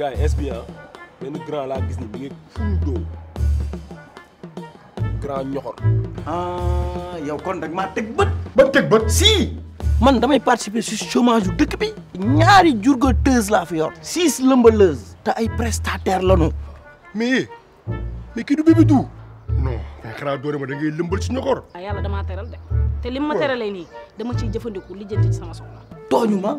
gars yi SBA benn grand laa gis ni bi ngi full doo grand ñoxor. ah yow kon rek maa teg bët. ba teg bët si. man damay participer si chômage yu dëkk bi. ñaari jurgateuse laa fi yor. six lëmbaleuse. te ay prestataire lañu. mais mais kii du bébé du. non mais xanaa doore ma da ngay lëmbal si ñoxor. ah yàlla de. lim ma dama ci sama soxla. tooñu ma